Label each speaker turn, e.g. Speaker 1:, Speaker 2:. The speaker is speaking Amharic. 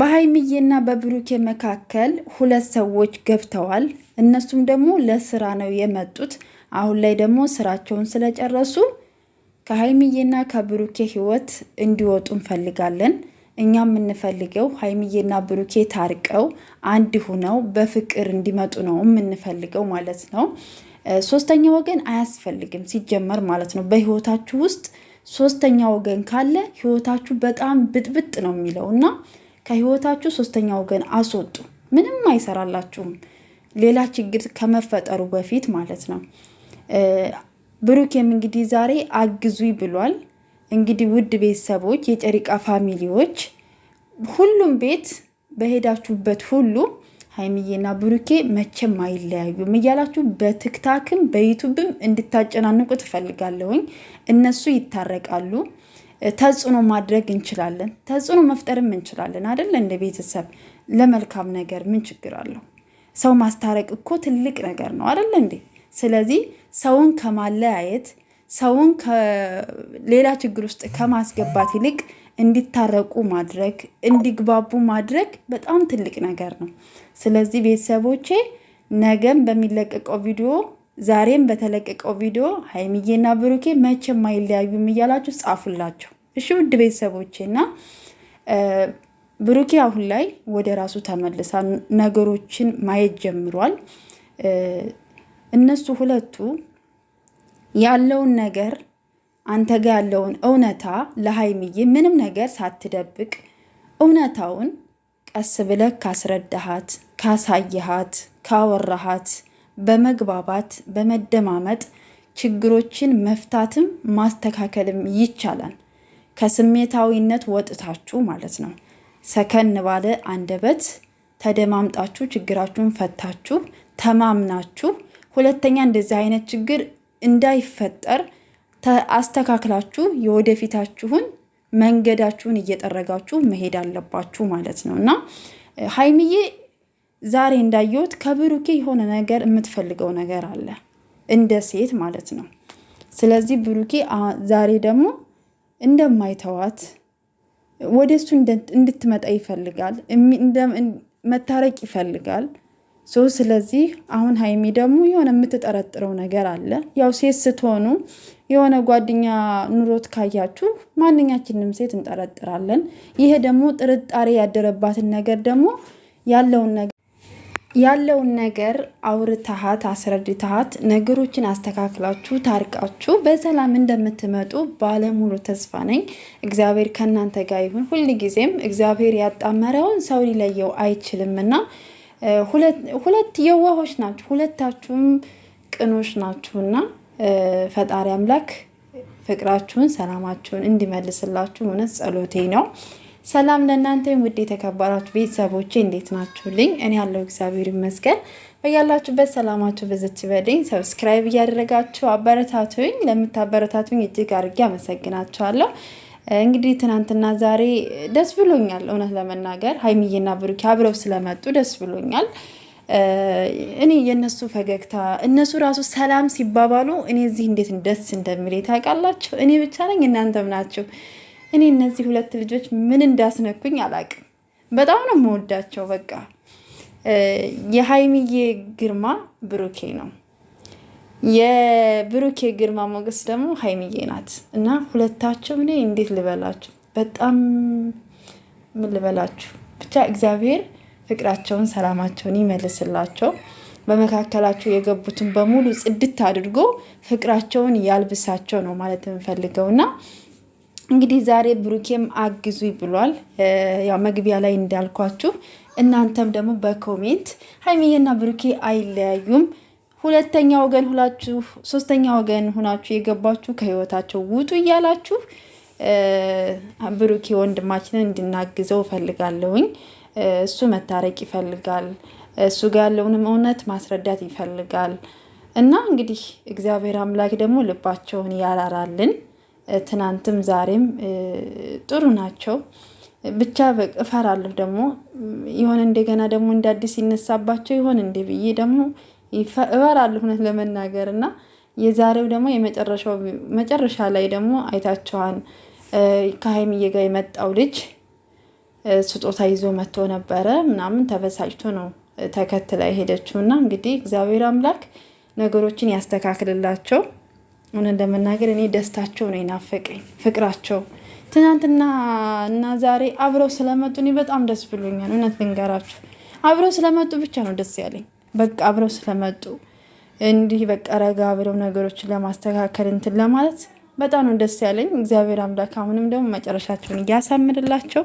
Speaker 1: በሀይሚዬና በብሩኬ መካከል ሁለት ሰዎች ገብተዋል። እነሱም ደግሞ ለስራ ነው የመጡት። አሁን ላይ ደግሞ ስራቸውን ስለጨረሱ ከሀይሚዬና ከብሩኬ ህይወት እንዲወጡ እንፈልጋለን። እኛ የምንፈልገው ሀይሚዬና ብሩኬ ታርቀው አንድ ሁነው በፍቅር እንዲመጡ ነው የምንፈልገው ማለት ነው። ሶስተኛ ወገን አያስፈልግም ሲጀመር ማለት ነው። በህይወታችሁ ውስጥ ሶስተኛ ወገን ካለ ህይወታችሁ በጣም ብጥብጥ ነው የሚለው እና ከህይወታችሁ ሶስተኛ ወገን አስወጡ። ምንም አይሰራላችሁም። ሌላ ችግር ከመፈጠሩ በፊት ማለት ነው። ብሩኬም እንግዲህ ዛሬ አግዙ ብሏል። እንግዲህ ውድ ቤተሰቦች፣ የጨሪቃ ፋሚሊዎች፣ ሁሉም ቤት በሄዳችሁበት ሁሉ ሀይሚዬና ብሩኬ መቼም አይለያዩም እያላችሁ በትክታክም በዩቱብም እንድታጨናንቁ ትፈልጋለሁኝ። እነሱ ይታረቃሉ። ተጽዕኖ ማድረግ እንችላለን፣ ተጽዕኖ መፍጠርም እንችላለን አደለ? እንደ ቤተሰብ ለመልካም ነገር ምን ችግር አለው? ሰው ማስታረቅ እኮ ትልቅ ነገር ነው አደለ እንዴ? ስለዚህ ሰውን ከማለያየት ሰውን ሌላ ችግር ውስጥ ከማስገባት ይልቅ እንዲታረቁ ማድረግ እንዲግባቡ ማድረግ በጣም ትልቅ ነገር ነው። ስለዚህ ቤተሰቦቼ ነገም በሚለቀቀው ቪዲዮ ዛሬም በተለቀቀው ቪዲዮ ሀይሚዬና ብሩኬ መቼም አይለያዩም እያላችሁ ጻፉላቸው። እሺ ውድ ቤተሰቦቼ እና ብሩኬ አሁን ላይ ወደ ራሱ ተመልሳ ነገሮችን ማየት ጀምሯል። እነሱ ሁለቱ ያለውን ነገር አንተ ጋር ያለውን እውነታ ለሀይሚዬ ምንም ነገር ሳትደብቅ እውነታውን ቀስ ብለህ ካስረዳሃት፣ ካሳየሃት፣ ካወራሃት በመግባባት በመደማመጥ ችግሮችን መፍታትም ማስተካከልም ይቻላል። ከስሜታዊነት ወጥታችሁ ማለት ነው። ሰከን ባለ አንደበት ተደማምጣችሁ ችግራችሁን ፈታችሁ ተማምናችሁ ሁለተኛ እንደዚህ አይነት ችግር እንዳይፈጠር አስተካክላችሁ የወደፊታችሁን መንገዳችሁን እየጠረጋችሁ መሄድ አለባችሁ ማለት ነው እና ሀይምዬ ዛሬ እንዳየሁት ከብሩኬ የሆነ ነገር የምትፈልገው ነገር አለ፣ እንደ ሴት ማለት ነው። ስለዚህ ብሩኬ ዛሬ ደግሞ እንደማይተዋት ወደ እሱ እንድትመጣ ይፈልጋል፣ መታረቅ ይፈልጋል። ሶ ስለዚህ አሁን ሀይሚ ደግሞ የሆነ የምትጠረጥረው ነገር አለ። ያው ሴት ስትሆኑ የሆነ ጓደኛ ኑሮት ካያችሁ ማንኛችንም ሴት እንጠረጥራለን። ይሄ ደግሞ ጥርጣሬ ያደረባትን ነገር ደግሞ ያለውን ነገር ያለውን ነገር አውርታሃት አስረድታሃት ነገሮችን አስተካክላችሁ ታርቃችሁ በሰላም እንደምትመጡ ባለሙሉ ተስፋ ነኝ። እግዚአብሔር ከእናንተ ጋር ይሁን ሁል ጊዜም። እግዚአብሔር ያጣመረውን ሰው ሊለየው አይችልም እና ሁለት የዋሆች ናችሁ፣ ሁለታችሁም ቅኖች ናችሁና ፈጣሪ አምላክ ፍቅራችሁን ሰላማችሁን እንዲመልስላችሁ እውነት ጸሎቴ ነው። ሰላም ለእናንተ ውድ የተከበራችሁ ቤተሰቦቼ እንዴት ናችሁልኝ? እኔ ያለው እግዚአብሔር ይመስገን። በያላችሁበት ሰላማችሁ በዘች በልኝ። ሰብስክራይብ እያደረጋችሁ አበረታቱኝ። ለምታበረታቱኝ እጅግ አድርጌ አመሰግናችኋለሁ። እንግዲህ ትናንትና ዛሬ ደስ ብሎኛል። እውነት ለመናገር ሀይሚዬና ብሩኬ አብረው ስለመጡ ደስ ብሎኛል። እኔ የእነሱ ፈገግታ እነሱ ራሱ ሰላም ሲባባሉ እኔ እዚህ እንዴት ደስ እንደሚል ታውቃላችሁ። እኔ ብቻ ነኝ እናንተም ናችሁ እኔ እነዚህ ሁለት ልጆች ምን እንዳስነኩኝ አላቅም። በጣም ነው የምወዳቸው። በቃ የሀይሚዬ ግርማ ብሩኬ ነው። የብሩኬ ግርማ ሞገስ ደግሞ ሀይሚዬ ናት እና ሁለታቸው እኔ እንዴት ልበላችሁ፣ በጣም ምን ልበላችሁ ብቻ እግዚአብሔር ፍቅራቸውን፣ ሰላማቸውን ይመልስላቸው። በመካከላቸው የገቡትን በሙሉ ጽድት አድርጎ ፍቅራቸውን ያልብሳቸው ነው ማለት የምፈልገው እና እንግዲህ ዛሬ ብሩኬም አግዙ ብሏል። ያው መግቢያ ላይ እንዳልኳችሁ እናንተም ደግሞ በኮሜንት ሀይሚዬና ብሩኬ አይለያዩም፣ ሁለተኛ ወገን ሁላችሁ ሶስተኛ ወገን ሁናችሁ የገባችሁ ከህይወታቸው ውጡ እያላችሁ ብሩኬ ወንድማችንን እንድናግዘው እፈልጋለሁኝ። እሱ መታረቅ ይፈልጋል። እሱ ጋር ያለውንም እውነት ማስረዳት ይፈልጋል እና እንግዲህ እግዚአብሔር አምላክ ደግሞ ልባቸውን ያራራልን። ትናንትም ዛሬም ጥሩ ናቸው። ብቻ እፈራለሁ ደግሞ የሆነ እንደገና ደግሞ እንደ አዲስ ይነሳባቸው ይሆን እንደ ብዬ ደግሞ እፈራለሁ እውነት ለመናገር እና የዛሬው ደግሞ መጨረሻ ላይ ደግሞ አይታችኋን ከሀይሚዬ ጋር የመጣው ልጅ ስጦታ ይዞ መጥቶ ነበረ ምናምን ተበሳጭቶ ነው ተከትላ የሄደችው እና እንግዲህ እግዚአብሔር አምላክ ነገሮችን ያስተካክልላቸው። ምን እንደምናገር እኔ ደስታቸው ነው የናፈቀኝ፣ ፍቅራቸው ትናንትና እና ዛሬ አብረው ስለመጡ እኔ በጣም ደስ ብሎኛል። እውነት ልንገራችሁ አብረው ስለመጡ ብቻ ነው ደስ ያለኝ። በቃ አብረው ስለመጡ እንዲህ በቃ ረጋ ብለው ነገሮችን ለማስተካከል እንትን ለማለት በጣም ነው ደስ ያለኝ። እግዚአብሔር አምላክ አሁንም ደግሞ መጨረሻቸውን እያሳምርላቸው